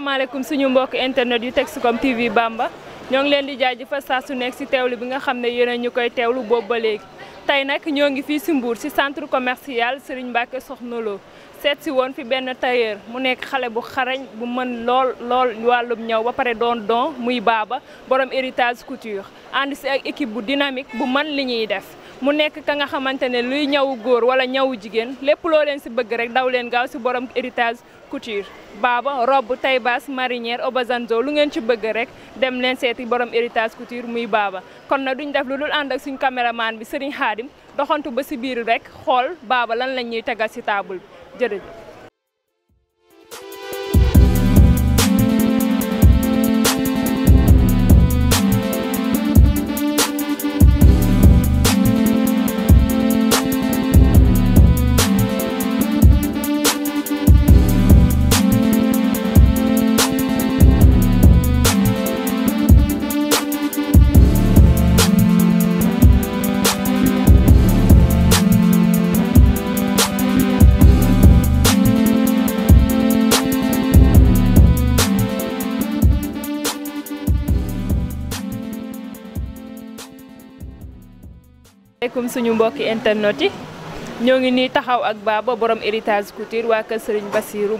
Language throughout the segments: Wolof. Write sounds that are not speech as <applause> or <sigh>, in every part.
Assalamualaikum suñu mbokk internet yu Texcom TV Bamba ñoo ngi leen di jaajëfal sa su nek si tewlu bi nga xamne yeena ñukoy tewlu koy teewlu boobu ba léegi tey nag ñoo ngi fii si Mbour si centre commercial Serigne Mbacke soxnolo set ci won fi ben tailleur mu nek xalé bu xarañ bu mën lol lol walum ñaw ba pare don don muy baba. borom héritage couture ànd ci ak équipe bu dynamique bu mën li def mu nekk ka nga xamante ne luy ñawu góor wala ñawu jigéen lépp loo leen si bëgg rek daw leen gaaw si borom héritage couture baaba robe taille basse marinière obazanzo lu ngeen ci bëgg rek dem leen seeti borom héritage couture muy baaba kon na duñ def lu dul ànd ak suñ caméraman bi Serigne xaadim doxantu ba si biir rek xool baaba lan lañ ñuy tegal si taabul bi jërëjëf asalaamaaleykum suñu mbokki internet yi ñoo ngi nii taxaw ak Baba borom héritage couture waa kër Serigne Bassirou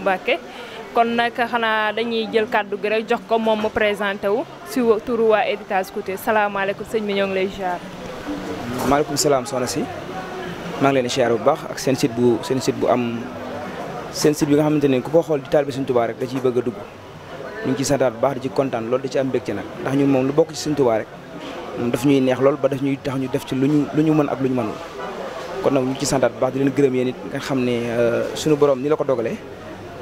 kon nag xanaa dañuy jël kàddu gi rek jox ko moom mu présenté wu si turu waa héritage couture salaamaaleykum sëñ bi ñoo ngi lay ziar. maaleykum salaam soxna si maa ngi leen di bu baax ak seen site bu seen site bu am seen site bi nga xam ne ku ko xool di taal bi Sëriñ rek da ciy bëgg a dugg ñu ngi ciy santaat baax di ci kontaan lool di ci am mbégte nag ndax ñun moom lu bokk ci Sëriñ rek. daf ñuy neex lool ba daf ñuy tax ñu def ci luñu luñu lu mën ak luñu mënul kon nak ñu ci santat baax di leen gërëm yeen nit nga xamne ne euh, suñu borom ni la ko dogalé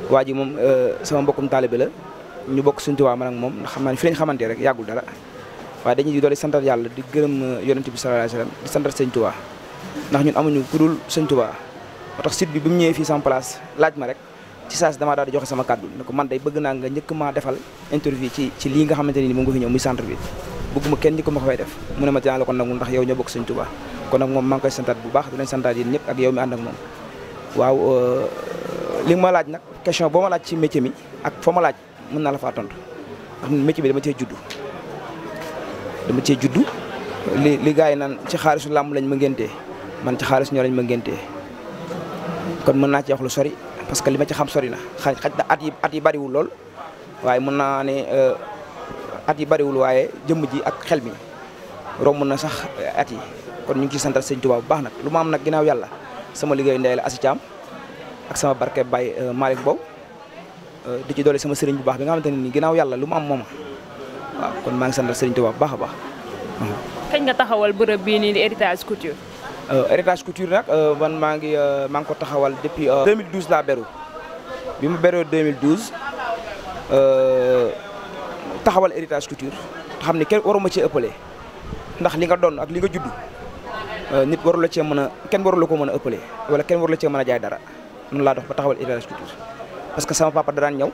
waji mom moom euh, sama mbokum talibé la ñu bok suñu tubaab man ak mom ndax xam naa fi lañ xamanté rek yagul dara wa dañuy di doli santat yalla di gërëm euh, yonent bi sallallahu alayhi wasallam di santat sëñ Tuubaa ndax ñun amuñu kudul dul sëñ motax moo site bi bu ñëwé fi sama place laaj ma rek ci saas dama daal joxe sama kàddu ne man day bëgg na nga ñëk ma défal interview ci ci li nga xamanté ni mo ngi fi ñëw muy centre bi bëgguma kenn di ko ma koy def mu ne ma dinaa la ko nangul ndax yow ñoo bokk sëñ Tuubaa kon nag moom maa koy santaat bu baax dinañ santaat yéen ñëpp ak yow mi ànd ak moom waaw euh, li ma laaj nag question boo ma laaj ci métier mi ak foo ma laaj mën naa la faa tontu ndax métier bi cee juddu li li gars yi ci xaalisu làmb lañ ma ngéntee man ci xaalis ñoo lañ ma ngéntee kon mën naa ci lu sori parce que li ma ci xam sori na xaj xaj na at yi at yi bariwul lool waaye mën naa ne euh, Ati bari wul waye jëm ji ak xel mi romu na sax ati kon ñu ngi santal sëñ Tuubaa bu baax nak lu ma am nak ginaaw yalla sama liggey ndey la Asi ak sama barke bay euh, malik Bow euh, di ci dole sama sëriñ bu baax bi nga xamanteni ni ginaaw yalla lu ma am mom kon ma ngi santal sëriñ Tuubaa bu baax baax. kañ nga taxawal bërëb bi ni héritage couture. héritage couture euh, euh man ma ngi ma ngi ko taxawal depuis. 2012 la beru bima ma 2012 2012 taxawal héritage culture te xam kenn waruma ci ëppale ndax li nga don ak li nga judd euh, nit waru la ci mëna a kenn waru la ko mëna a wala kenn waru la ci mëna jaay dara noonu la dox ba taxawal héritage culture parce que sama papa da daan ñaw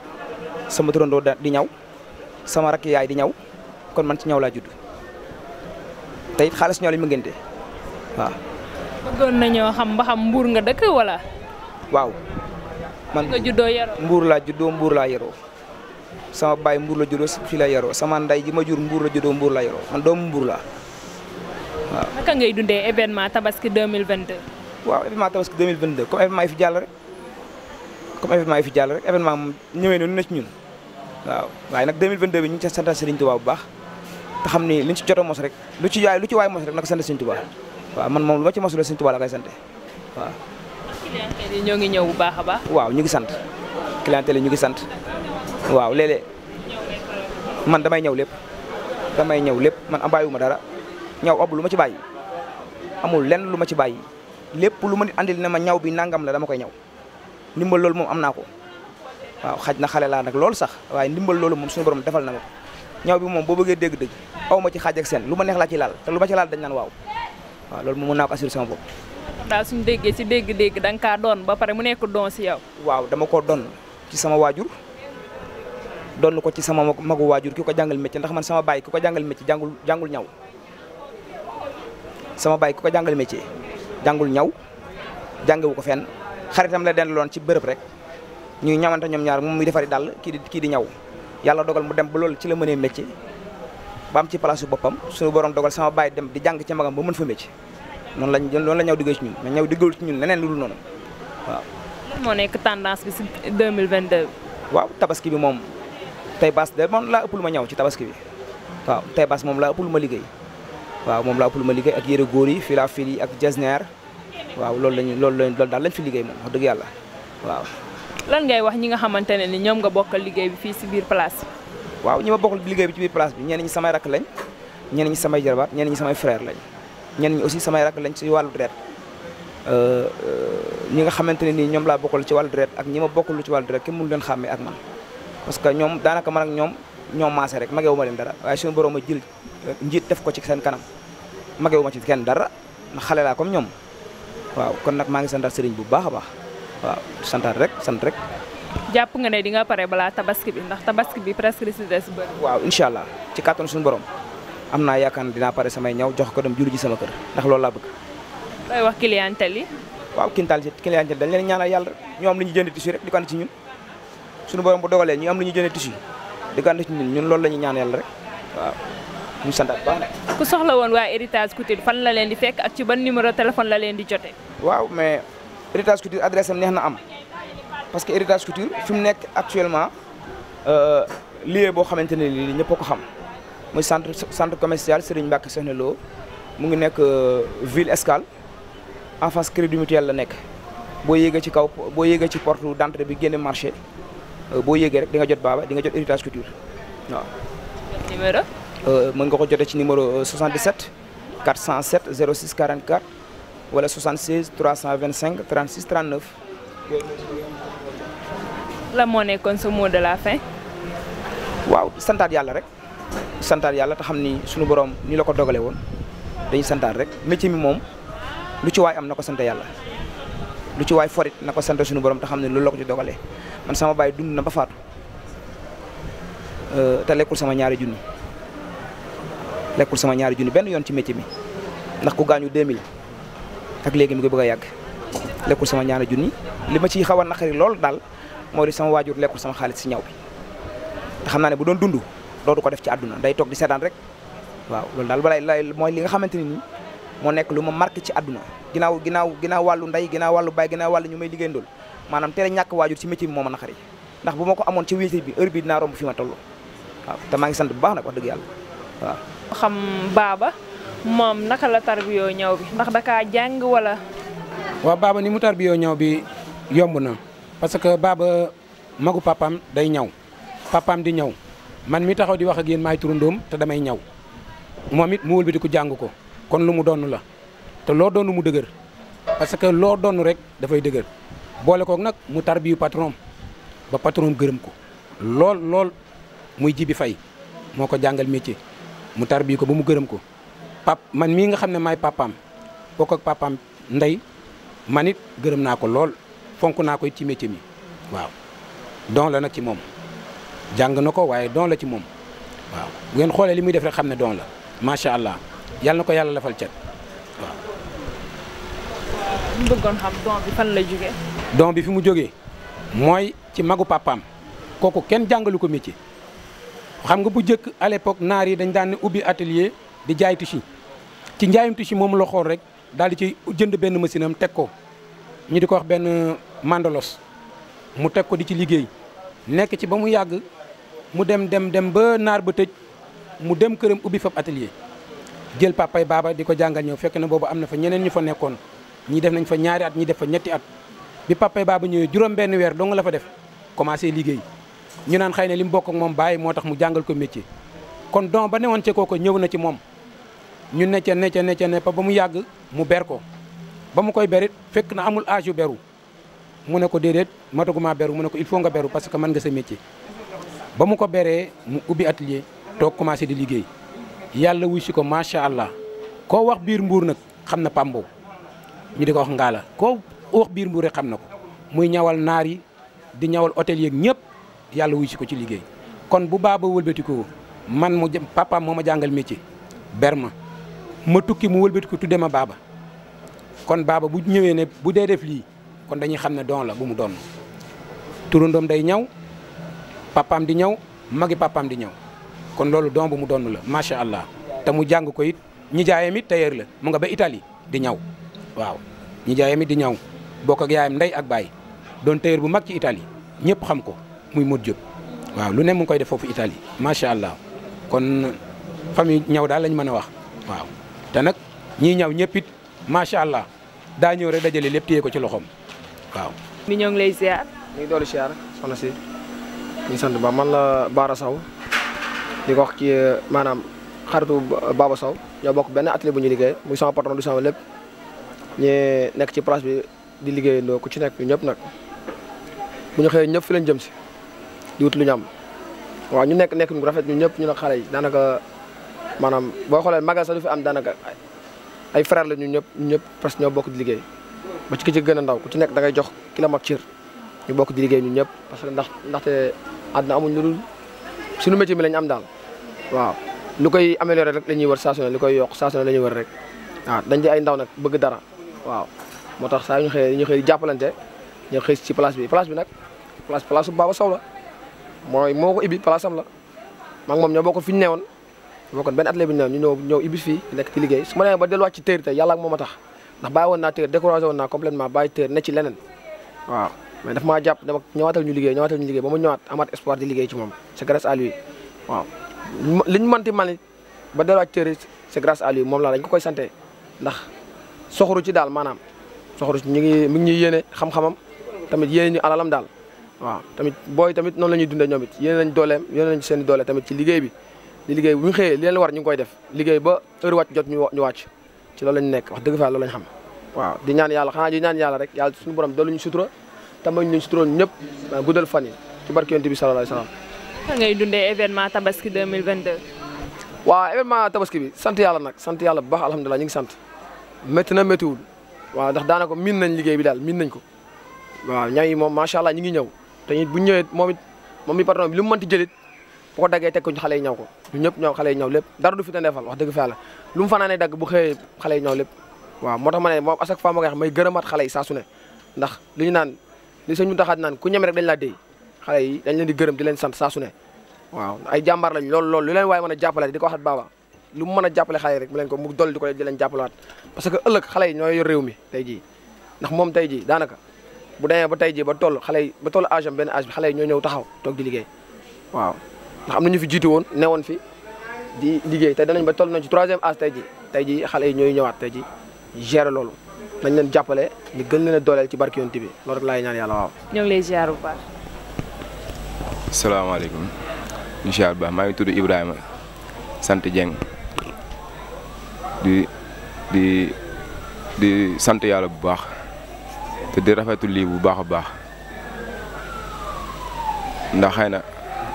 sama turandoo di ñaw sama rak yaay di ñaw kon man ci ñaw la judd tayit xaaliss xaalis ñoo la mu ngénte waaw. bëggoon nañoo xam ba xam mbuur nga dëkk wala. waaw man nga juddoo yaro mbuur la juddoo mbuur la yaro sama bay mbur la jodo fi la yaro sama nday ji ma jur mbur la jodo mbur la yaro man doomu mbur la naka ngay dundé événement tabaski 2022. waaw événement tabaski 2022 comme événement fi jall rek comme événement fi jall rek événement ñëwé ñu na ci ñun waaw way nak 2022 bi ñu ci santé Serigne Touba bu baax ta xamni liñ ci jotto mos rek lu ci yaay lu ci way mos rek nak santé Serigne Touba waaw man mom lu ma ci mosul Serigne Touba la kay santé waaw. clientèle yi ñoo ngi ñëw bu baaxa baax. waaw ñu ngi sant clientèle ñu ngi sant waaw lele. man damay ñew lepp damay ñew lepp man am bàyyiwuma dara ñaw ab lu ma ci bayyi amul lenn lu ma ci bayyi lepp lu ma nit andil na ma ñaw bi nangam la dama koy ñaw ndimbal lool mom amna ko waaw xaj na xale la nak lool sax waye ndimbal lool mom suñu borom defal na ma ko ñaw bi mom bo bëgge dégg-dégg aw ma ci xaaj ak sen lu ma neex la ci laal te lu ci laal dañ nan waaw waaw lool mom mën ko assuré sama bopp. suñu déggee ci dégg-dégg dang ka doon ba paré mu neeku doon ci yow. waaw dama ko doon ci sama wajur Don ko ci sama magu wajur, kiko jangal metti ndax man sama baye kiko jangal metti jangul jangul jàngul ñaw sama baye kiko jangal metti jangul jàngul ñaw jàngewu ko fenn xaritam la den lon ci beurep rek ñuy ñamanta ñom ñaar moom defari dal ki di ki di ñaw yalla dogal mu dem ba lol ci la meune metti bam ci place bopam suñu borom dogal sama baye dem di jang ci magam ba mën fa metti non lañ non la ñaw diggee ci ñun ma ñaw diggul ci ñun leneen lu dul waaw. mo nek tendance bi 2022. waaw tabaski bi mom tay baas de mom la ëpp ma ñaw ci tabaski bi waaw tay baas mom la ëpp ma liggéey waaw mom la ëpp ma liggéey ak yére goor yi filaafil yi ak jazner waaw loolu lañu loolu lañ dal lañ fi liggéey mom wax deug yalla waaw lan ngay wax ñi nga xamantene ni ñom nga bokkal liggéey bi fi ci biir place waaw ñi ma bokkal liggéey bi ci biir place bi ñen ñi samay rak lañ ñen ñi samay jarbaat ñen ñi samay frère lañ ñen ñi aussi samay rak lañ ci walu dret euh ñi nga xamante ne nii ñoom laa bokkal ci walu dret ak ñi ma bokkal ci wàllu deret kenn mënu leen xamé ak man parce que ñom danaka man ak ñom ñom masse rek mageewu ma leen dara waaye suñu borom jël euh, njit def ko ci sen kanam mageewu ma ci kenn dara na xalé la comme ñom waaw kon nak ma ngi santaat serigne bu baax baax waaw rek sant rek. japp nga ne di nga paré bala tabaski bi ndax tabaski bi presque ci dess des waaw inshallah ci carton suñu borom am yakane dina paré pare samay ñaw jox ko dem juri ji sama kër ndax loolu la bëgg. lay wax clientèle yi. waaw clientèle clientèle dañ leen ñaanal yalla ñom li ñu jënd ci rek di ko ci ñun. suñu borom bu dogalee ñu am lu ñu jëndee tissu di ko ànd ñun lool loolu la ñuy ñaan yàlla rek waaw ñu santaat na. ku soxla woon waa héritage couture fan la leen di fekk ak ci ban numéro téléphone la leen di jotee. waaw mais héritage couture adresse am neex na am parce que héritage couture fi mu nekk actuellement euh, lieu boo xamante ne lii ñëpp ko xam muy centre centre commercial Serigne Mbacke Soxna Lo mu ngi nekk euh, ville Escale en face crédit mutuel la nekk boo yéegee ci kaw boo yéegee ci porte d'entrée bi génne marché. Euh, boo yéegee rek di nga jot baaba di nga jot héritage culture waaw. numéro. Euh, mën nga ko jotee ci numéro 77 407 06 44 wala 76 325 36 39. la moo nekkoon sa mot de la fin. waaw santaat yàlla rek santaat yàlla ta xam ni sunu borom ni la ko dogalee woon dañ santaat rek métier mi moom lu ci waay am na ko sant yàlla lu ci waay forit nako ko sant sunu borom te xam ne loolu la ko ci man sama baay dund na ba faatu euh, te lekkul sama ñaari junni lekkul sama ñaari junni benn yoon ci métier mi ndax ku gaañu 2000 ak léegi mi ngi bu a yàgg lekkul sama ñaare junni li ma ciy xaw a lool daal moo di sama waajur lekkul sama xaalis si ñaw naa ne bu doon dund dootu ko def ci àdduna day toog di seetaan rek waaw loolu daal balay lay mooy li nga xamante ni moo nekk lu ma marqué ci àdduna ginnaaw ginnaaw ginnaaw wàllu ndey ginnaaw wàllu baay ginnaaw wàllu ñu may liggéeyandool manam téré ñak wajur ci métier bi moo ma ndax bu ma ko amoon ci wéetir bi heure bi dinaa romb fi ma tollu waaw te maa ngi sant bu baax nak wax deug yalla waaw. xam baba mom naka la tarbiyo ñaw bi ndax ka jang wala. wa baba ni mu tarbiyo ñaw bi yomb na parce que baba magu papam day ñaw papam di ñaw man mi taxaw di wax ak yeen may turandoom te damay ñaw moom it ko jang ko kon lu mu donu la te lo donu mu dëgër parce que lo donu rek fay boole kook nag mu tarbiyu patron ba patron gërëm ko lool lool muy jibi fay moo ko jàngal métier mu tarbiyu ko ba mu gërëm ko pap man mii nga xam ne maay papaam bokk ak papaam ndey man it gërëm naa ko lool fonk naa ko it ci métier mi waaw don la nag ci moom jàng na ko waaye don la ci moom waaw bu ngeen xoolee li muy def rek xam ne don la macha allah yàlla na ko yàlla lafal cat waaw. doom bi fi mu jógee mooy ci magu papaam kooku kenn jàngalu ko métier xam nga bu jëkk à l'époque naar yi dañ daan ne ubbi atelier di jaay tissu ci njaayum tissu moom la rek daal di ci jënd benn machine am teg ko ñu di ko wax benn mandalos mu teg ko di ci liggéey nekk ci ba mu yàgg mu dem dem dem ba naar ba tëj mu dem këram ubbi fab atelier jël papay baaba di ko jàngal ñëw fekk na boobu am na fa ñeneen ñu fa nekkoon ñii def nañ fa ñaari at ñii def fa ñetti at bi ba bu ñëwee juroom benn do nga la fa def commencé liggéey ñu naan xëy lim bokk ak mom baye motax mu jangal ko métier kon don ba néwon ci koko ñew na ci mom ñu necca necca necca ne pa ba mu yàgg mu ber ko ba mu koy berit fekk na amul âge yu beru mu ne ko déedéet mataguma beru mu ne ko il faut nga beru parce que man nga sa métier ba mu ko béré mu ubi atelier tok commencé di liggéey yalla wuy ci ko sha allah ko wax bir mbour nak xamna pambo ñu diko wax ngala ko ku wax biir mbuur xam na ko muy ñawal naar yi di ñawal hôtel yéeg ñëpp yàlla wuy si ko ci liggéey kon bu baaba ba wëlbatikoo man mu papaam moo ma jàngal métier berma ma tukki mu wëlbatiku tudde ma baaba kon baaba bu ñëwee ne bu dee def lii kon dañuy xam ne doom la bu mu doon turandoom day ñaw papam di ñaw magi papaam di ñaw kon loolu don bu mu doon la macha allah te mu jàng ko it ñi jaayam it la mu nga ba itali di ñaw waaw ñi jaayam di ñaw bok ak yaayam nday ak baye don tailleur bu mag ci Italie xam ko muy mod wow, waaw lu ne mu ngi koy def foofu Italie allah kon famille ñaw da lañ mëna wax waaw te nak ñi ñaw ñeppit it macha allah daa ñëw rek dajale lepp téye ko ci loxom waaw. mi ñoo ngi lay ziar. ñu ngi ziar xona si ñu sant ba man la bara saw di wax ki eh, manam xaritu Baba saw ñoo bok ben atelier bu ñu liggé muy sama patron du sama prasbi. nek ci place bi. di liggéeyandoo ku ci nekk ñëpp nag bu ñu xëyee ñëpp fi lañ jëm si di wut lu ñu am waaw ñu nekk nekk ñu rafet ñu ñëpp ñu ne xale yi daanaka maanaam boo xoolee magasa du fi am daanaka ay frère la ñu ñëpp ñëpp presque ñoo bokk di liggéey ba ki ci gën a ndaw ku ci nekk da ngay jox ki la mag ñu bokk di liggéey ñu ñëpp parce que ndax ndaxte àdduna amuñ lu dul suñu métier mi lañ am daal waaw lu koy amélioré rek la ñuy wër saa su lu koy yokk saa su ne la ñuy rek waaw dañ di ay ndaw nag bëgg dara waaw motax sa ñu xey ñu xey jappalante ñu xey ci place bi place bi nak place place Baba saw la moy moko ibi place am la mak mom ñoo bokkoon fiñ neewon newoon ben atelier bi ñu ñu ñoo ibi fi nek ci liggey suma neew ba delu delluwaat ci terre te yalla ak moma tax ndax bàyyi won na terre découragé woon naa complètement baye terre ne ci lenen waaw mais daf ma japp dama ñewatal ñu liggey ñewatal ñu liggey bama ñewat amat espoir di liggey ci mom c'est grâce à lui waaw liñ manti man ba delu ci terre c'est grâce à lui mom la dañ ko koy santé ndax soxru ci dal manam soxoru ñu ngi mi ngi ñuy yéene xam-xamam tamit yéene ñu alalam daal waaw tamit booy tamit noonu la ñuy dundee ñoom it yéene nañ dooleem yéene nañ seen doole tamit ci liggéey bi di liggéey bu ñu xëyee li leen war ñu ngi koy def liggéey ba heure wàcc jot ñu wàcc ci loolu lañ nekk wax dëgg fa loolu lañ xam waaw di ñaan yàlla xanaa di ñaan rek yàlla suñu borom doolu ñu sutura te ñëpp guddal fan yi ci barke yonent bi sallallahu alayhi wasallam ngay dundee événement tabaski 2022 sant yàlla nag sant yàlla bu baax alhamdulilah ñu ngi sant métti na méttiwul waaw ndax daanaka miin nañ liggéey bi daal miin nañ ko waaw ñaw moom macha allah ñu ngi ñëw te it bu ñëwee moom it moom mi patron bi li mu mënti jëlit bu ko daggee teg ko ñu xale yi ñaw ko ñëpp ñaw xale yi lépp dara du fi tane fal wax dëgg fa yàlla lu mu fanaanee dagg bu xëyee xale yi ñaw lépp waaw moo tax ma ne a à chaque fois ma may gërëmaat xale yi saa ndax li ñu naan li sëñ mu taxaat naan ku ñeme rek dañ laa déy xale yi dañ leen di gërëm di leen sant saa su ne waaw ay jàmbaar lañ lool lool lu leen waaye mën di ko lu mu mën a jàppale xale yi rek mu ko mu dolli di ko di leen jàppalaat parce que ëllëg xale yi ñooy yor réew mi tey jii ndax moom tey jii daanaka bu demee ba tey jii ba toll xale yi ba toll âge benn âge bi xale yi ñoo ñëw taxaw toog liggéey waaw ndax na ñu fi jiitu woon ne fi di liggéey te danañ ba toll nañ ci troisième tey jii tey jii xale yi ñooy ñëwaat tey ji gérer loolu nañ leen jàppale ñu gën leen a dooleel ci barki yonent bi loolu rek laay ñaan yàlla waaw. ñoo ngi lay ziar bu baax. salaamaaleykum incha allah maa ngi tudd Ibrahima sant Dieng di di di sante yalla bu baax te di rafetu li bu baax baax ndax xeyna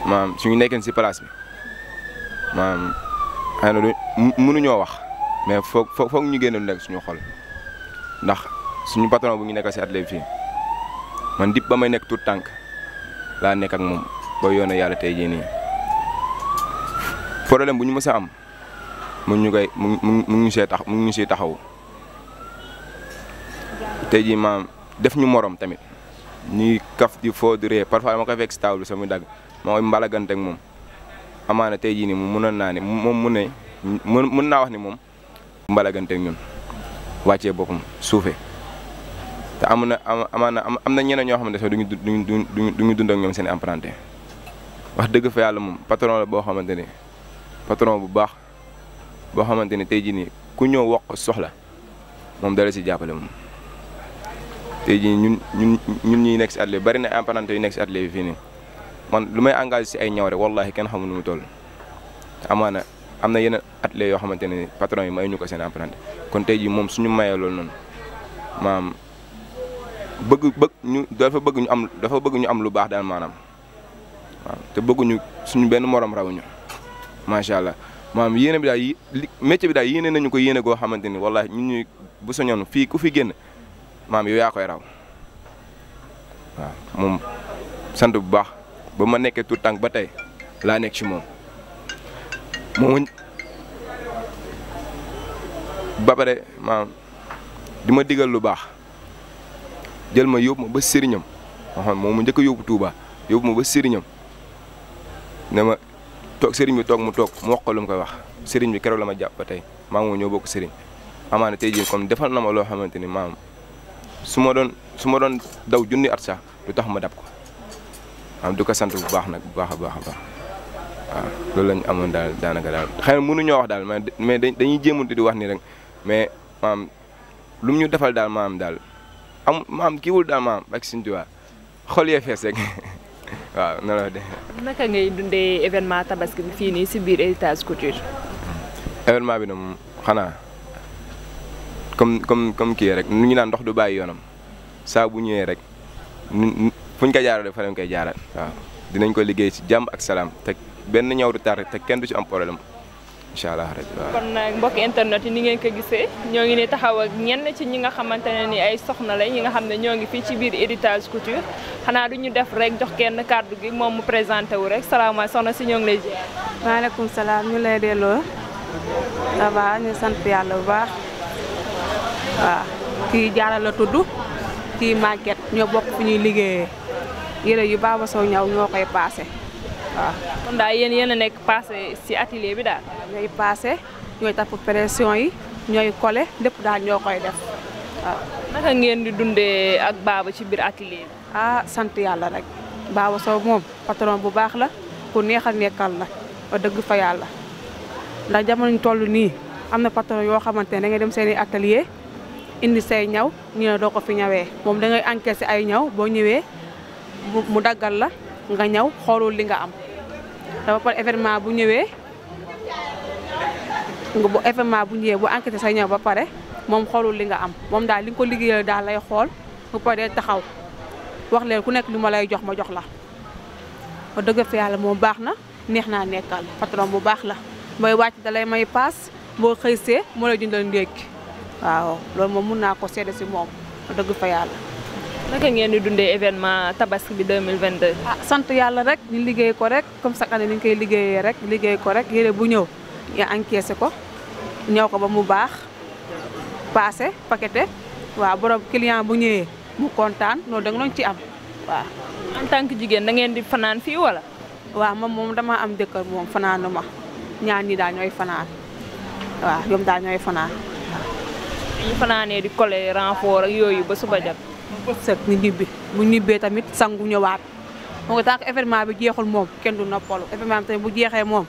maam suñu nekkene ci place bi maam xëy na du mënuñoo wax mais fook fook ñu gënal nek suñu xol ndax suñu patron bu ñu nekk ci atelier fi man dip ba may nekk tout tank la nekk ak mom ba yoona yalla tay jini problème bu ñu am mu ñu koy mu ngi mu tax mu ngi ñu see taxaw tey jii maam def ñu moroom tamit ñuy kaf di foo di ree parfois ma koy fekk si table sama dagg ma koy mbalagante ak moom amaana tey jii nii mu mënoon naa ne moom mu ne mën mën naa wax ni moom mbala ak ñun wàccee boppam suufee te am na amaana am na ñeneen ñoo xamante sax duñu duñu duñu duñu dund ñoom seen emprunté wax dëgg fa yàlla moom patron la boo xamante ni patron bu baax. boo xamante ne tey jii nii ku ñëw wax soxla moom dala si jàppale moom. tey jii ñun ñun ñun ñuy nekk si atelier bari na apprenti yu nekk si atelier bi fii nii man lu may engagé si ay ñaw rek kenn xamul nu mu toll amaana am na yeneen atelier yoo xamante ne patron yi may ñu ko seen apprenti kon tey jii moom suñu mayee loolu noonu maam bëgg bëgg ñu dafa bëgg ñu am dafa bëgg ñu am lu baax daal maanaam waaw te bëgguñu suñu benn morom rawuñu macha allah. maanaam yéene bi daal yi métier bi daal yéene nañu ko yéene goo xamante ni wallaahi ñun ñuy bu soñoon fii ku fi génn maam yow yaa koy raw moom sant bu baax ba ma nekkee tout tànk ba tey laa nekk ci moom moom ba pare maam di ma diggal lu baax jël ma yóbbu ma ba sëriñam ma moom mu njëkk a yóbbu tuuba yóbbu ma ba sëriñam ne toog sëriñ bi toog mu toog mu wax ko lu mu koy wax sëriñ bi keroog la ma tey maa ngi ñoo bokk sëriñ amaana tey jii comme defal na ma loo xamante ni maam su ma doon su ma doon daw junni at sax lu tax ma dab ko am du ko sant bu baax nag bu baax a baax a loolu la amoon daal daanaka daal xëy na mënuñoo wax daal mais dañuy jéemantu di wax ni rek mais maam lu mu ñu defal daal maam daal am maam kiiwul daal maam ak suñu tubaab xol yee fees <laughs> waaw na la de naka ngay dundee événement tabaski bi fii nii si biir héritage couture. événement bi nag xanaa comme comme comme kii rek nu ñu naan ndox du bàyyi yoonam saa bu ñëwee rek nu fu ñu ko jaarale fa lañ koy jaaral waaw dinañ ko liggéey si jàmm ak salaam teg benn ñaw du tar te kenn du ci am problème. inshallah rabbi kon nak eh, mbok internet ni ngeen ko gisee ñoo ngi ne taxaw ak ñen ci ñi nga xamantene ni ay soxna lay yi nga xamne ne ñoo ngi fii ci biir héritage couture xana duñu def rek jox kenn kàddu gi mom mu présenter wu rek salam ay soxna ci ñoo ngi lay jé alaykum salam ñu lay delloo ça va ñu sant yalla bu baax wa ki jaara la tuddu ki market ñoo bokk fu ñuy liggéey yere yu baba so ñaw ñokay koy waaw kon daal yéen yéen a passé si atelier bi daal. ñooy passé ñooy tapp pression yi ñooy collé lépp da ñoo koy def naka ngeen di dundee ak baaba ci bir atelier ah sant yàlla rek baaba Sow moom patron bu baax la ku neex nekkal la ba dëgg fa yàlla ndax jamono toll nii am na patron yoo xamante ne da ngay dem seen atelier indi say ñaw ñu ne doo ko fi ñawee moom da ngay encaissé ay ñaw boo ñëwee mu daggal la nga ñaw li nga am. dama ba pare événement bu ñëwee bu événement bu ñëwee bu enquête say ñëw ba pare moom xoolul li nga am moom daal li nga ko liggéeyal daal lay xool bu paree taxaw wax leen ku nekk lu ma lay jox ma jox la. ba dëgg fa yàlla moom baax na neex naa nekkal patron bu baax la mooy wàcc da lay may paas boo xëysee moo lay jëndal ndékki waaw loolu moom mun naa ko seede si moom ba dëgg fa yàlla. naka ngeen di dundee événement tabaski bi 2022. ah sant yàlla rek ñu liggéey ko rek comme chaque année ni ñu koy liggéeyee rek liggéey ko rek yére bu ñëw nga encaissé ko ñëw ko ba mu baax paase paqueté waaw borom client bu ñëwee mu kontaan loolu da nga ci am waaw. en tant jigéen da ngeen di fanaan fii wala. waa moom moom dama am jëkkër moom fanaanu ma ñaan ñi daal ñooy fanaan waaw ñoom daal ñooy fanaan. ñu fanaanee di collé renfort yooyu ba suba jot. sëg ñu ñibbi bu ñibbee tamit sangu ñëwaat moo ko tax événement bi jeexul moom kenn du noppalu événement bi tamit bu jeexee moom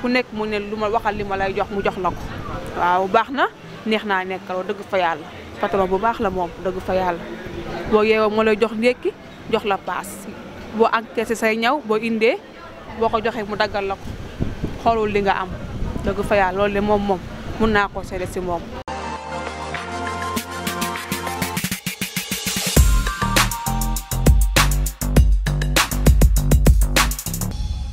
ku nekk mu ne lu ma waxal li ma lay jox mu jox la ko waaw baax na neex naa nekkaloo dëgg fa yàlla patron bu baax la moom dëgg fa yàlla boo yeewoo moo jox ndékki jox la paas boo encaissé say ñaw boo indee boo ko joxee mu daggal la ko li nga am dëgg fa loolu de moom moom mun naa koo seede si moom